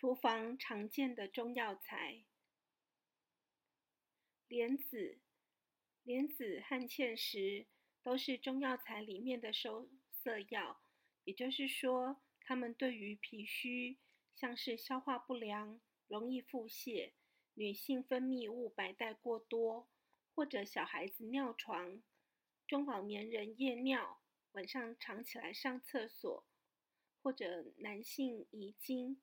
廚房常見的中藥材，蓮子、蓮子和芡實都是中藥材裡面的收澀藥。也就是說，它們對於脾虛，像是消化不良、容易腹瀉、女性分泌物白帶過多，或者小孩子尿床、中老年人夜尿、晚上常起來上廁所，或者男性遺精。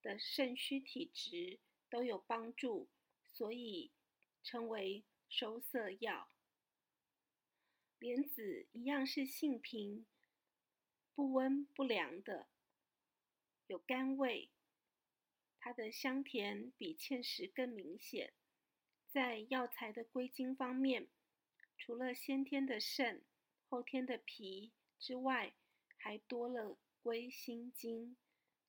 的腎虛體質都有幫助，所以稱為收澀藥。蓮子一樣是性平，不溫不涼的，有甘味，它的香甜比芡實更明顯。在藥材的歸經方面，除了先天的腎、後天的脾之外，還多了歸心經，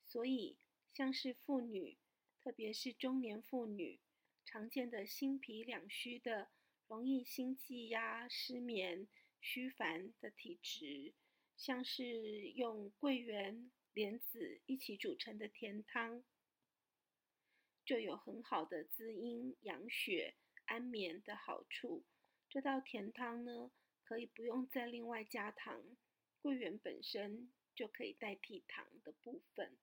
所以，像是婦女，特別是中年婦女，常見的心脾兩虛的、容易心悸呀、失眠、虛煩的體質，像是用桂圓、蓮子一起煮成的甜湯，就有很好的滋陰、養血、安眠的好處。這道甜湯呢，可以不用再另外加糖，桂圓本身就可以代替糖的部分。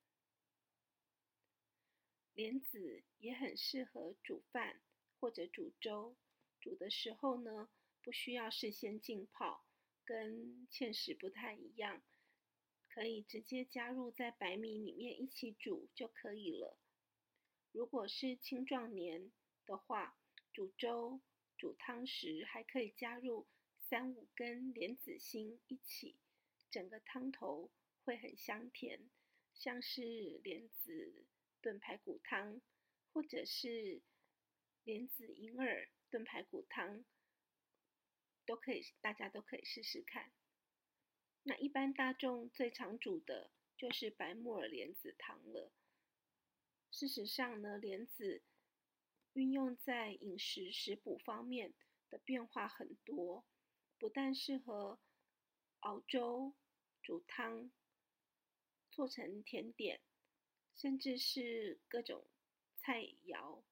蓮子也很適合煮飯或者煮粥，煮的時候呢，不需要事先浸泡，跟芡實不太一樣，可以直接加入在白米裡面一起煮就可以了。如果是青壯年的話，煮粥、煮湯時還可以加入三五根蓮子心一起，整個湯頭會很香甜，像是蓮子。燉排骨湯，或者是蓮子銀耳燉排骨湯，都可以，大家都可以試試看。那一般大眾最常煮的就是白木耳蓮子湯了。事實上呢，蓮子運用在飲食食補方面的變化很多，不但適合熬粥、煮湯，做成甜點。甚至是各種菜餚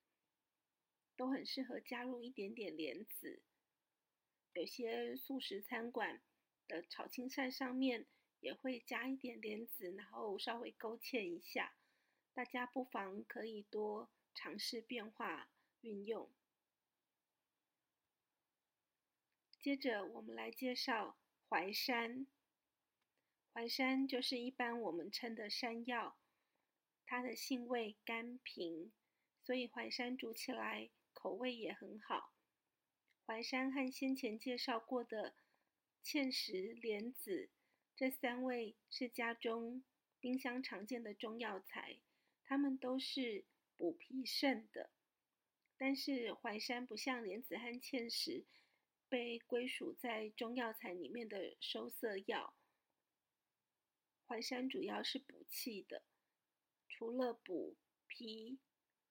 都很適合加入一點點蓮子。有些素食餐館的炒青菜上面也會加一點蓮子，然後稍微勾芡一下。大家不妨可以多嘗試變化運用。接着，我們來介紹淮山。淮山就是一般我們稱的山藥。它的性味甘平，所以淮山煮起來口味也很好。淮山和先前介紹過的芡實、蓮子，這三位味是家中冰箱常見的中藥材，它們都是補脾腎的。但是淮山不像蓮子和芡實被歸屬在中藥材裡面的收澀藥，淮山主要是補氣的。除了補脾、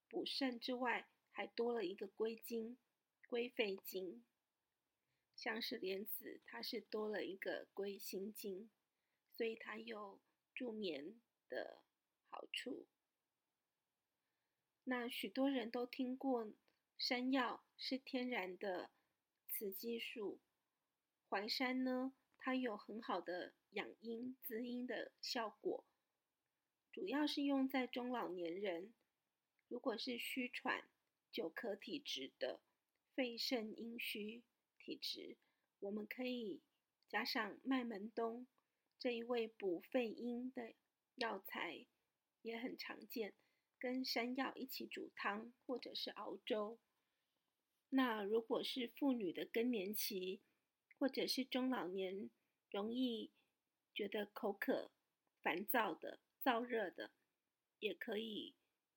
補腎之外，還多了一個歸經，歸肺經。像是蓮子，它是多了一個歸心經，所以它有助眠的好處。那許多人都聽過，山藥是天然的雌激素，淮山呢，它有很好的養陰、滋陰的效果。主要是用在中老年人，如果是虛喘、久咳體質的肺腎陰虛體質，我們可以加上麥門冬這一味補肺陰的藥材，也很常見，跟山藥一起煮湯或者是熬粥。那如果是婦女的更年期，或者是中老年容易覺得口渴、煩躁的，燥熱的，也可以，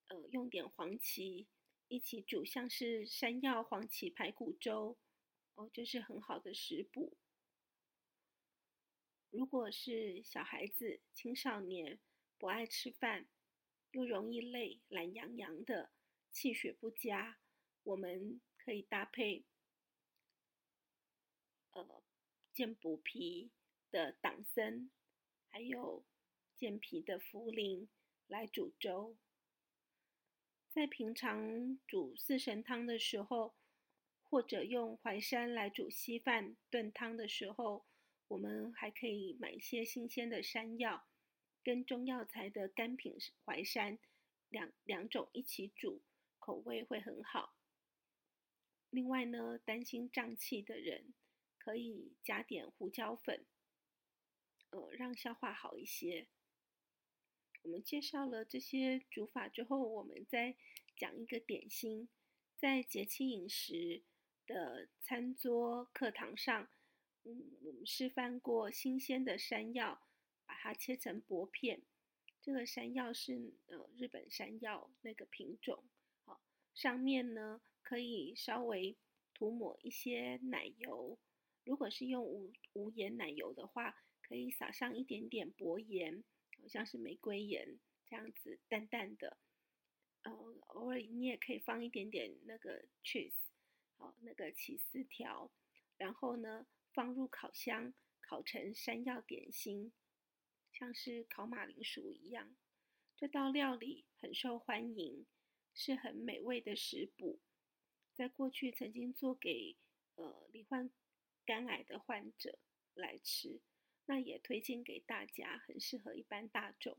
呃，用點黃芪一起煮，像是山藥黃芪排骨粥，哦，這是很好的食補。如果是小孩子、青少年不愛吃飯，又容易累、懶洋洋的、氣血不佳，我們可以搭配，呃，健補脾的黨參，還有。健脾的茯苓來煮粥，在平常煮四神湯的時候，或者用淮山來煮稀飯、燉湯的時候，我們還可以買一些新鮮的山藥，跟中藥材的乾品淮山兩兩種一起煮，口味會很好。另外呢，擔心脹氣的人，可以加點胡椒粉，呃、哦，讓消化好一些。我們介紹了這些煮法之後，我們再講一個點心，在節氣飲食的餐桌課堂上，嗯，我們示範過新鮮的山藥，把它切成薄片。這個山藥是呃日本山藥那個品種，好，上面呢，可以稍微塗抹一些奶油，如果是用無無鹽奶油的話，可以撒上一點點薄鹽。像是玫瑰鹽這樣子淡淡的，呃、哦，偶爾你也可以放一點點那個 cheese，好，那個起司條，然後呢放入烤箱烤成山藥點心，像是烤馬鈴薯一樣。這道料理很受歡迎，是很美味的食補，在過去曾經做給呃罹患肝癌的患者來吃。那也推薦給大家，很適合一般大眾。